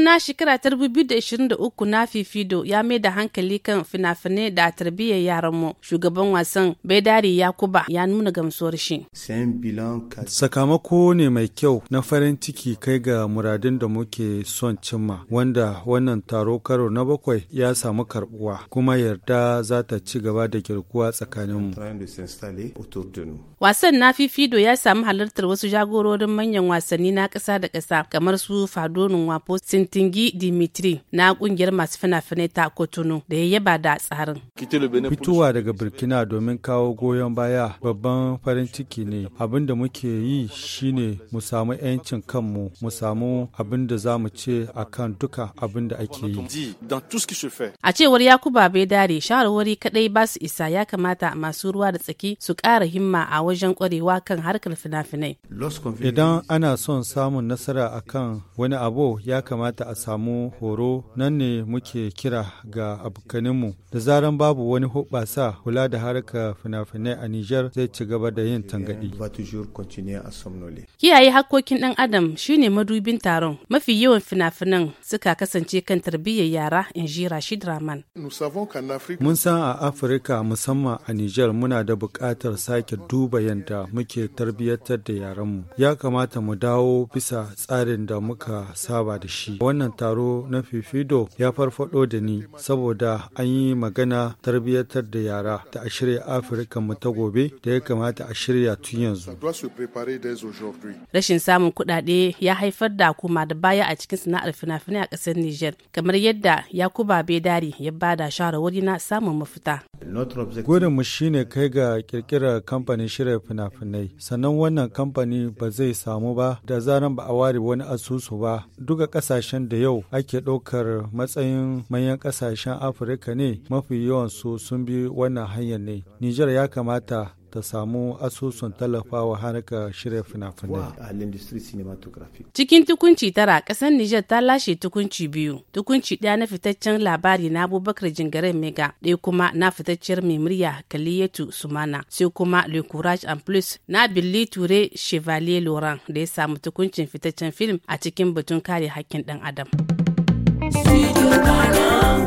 na shekara ta 2023 na Fifido ya mai da hankali kan fina-finai da tarbiyyar mu. Shugaban wasan Baidari Yakuba ya nuna gamsuwar shi. Sakamako ne mai kyau na farin ciki kai ga muradin da muke son cimma wanda wannan taro karo na bakwai ya samu karbuwa kuma yarda za ta ci gaba da girkuwa tsakaninmu. Wasan na Fifido ya samu halartar wasu jagororin manyan wasanni na ƙasa da kasa kamar su Fadonin Wapo, Tingi Dimitri na kungiyar masu fina-finai ta Kotunu da ya yaba da tsarin. Fitowa daga Burkina domin kawo goyon baya babban farin ciki ne. Abin da muke yi shine mu samu 'yancin kanmu, mu samu abin da za mu ce akan duka abin da ake yi. A cewar Yakuba bai dare shawarwari kadai ba su isa ya kamata masu ruwa da tsaki su kara himma a wajen kwarewa kan harkar fina-finai. Idan ana son samun nasara akan wani abu ya kamata kamata a samu horo nan ne muke kira ga abokaninmu da zaran babu wani hubasa kula da harkar fina-finai a Nijar zai ci gaba da yin tangaɗi. Kiyaye hakkokin ɗan Adam shi ne madubin taron mafi yawan fina-finan suka kasance kan tarbiyyar yara in ji Rashid Rahman. Mun san a Afirka musamman a Nijar muna da buƙatar sake duba yadda muke tarbiyyantar da yaranmu. Ya kamata mu dawo bisa tsarin da muka saba da shi. wannan taro na fifido ya farfado da ni saboda an yi magana tarbiyyatar da yara da a shirya afirka mu ta gobe da ya kamata a shirya tun yanzu rashin samun kuɗaɗe ya haifar da kuma da baya a cikin sana'ar fina-finai a ƙasar niger kamar yadda yakuba bedari ya ba bada shawarwari na samun mafita mu shine kai ga kirkirar kamfanin shirya fina-finai sannan wannan kamfani ba zai samu ba da zaran ba a ware wani asusu ba duka ƙasashen kasashen da yau ake ɗaukar matsayin manyan ƙasashen afirka ne mafi yawansu sun bi wannan hanyar ne nijar ya kamata ta samu asusun tallafawa harka shirya fina-finai. Cikin tukunci tara ƙasar Nijar ta lashe tukunci biyu, tukunci ɗaya na fitaccen labari na Abubakar Jingaren Mega, ɗaya kuma na fitacciyar mai murya Kaliyatu Sumana, sai kuma Le Courage en Plus na Billy Ture Chevalier Laurent da ya samu tukuncin fitaccen fim a cikin batun kare hakkin ɗan Adam. Studio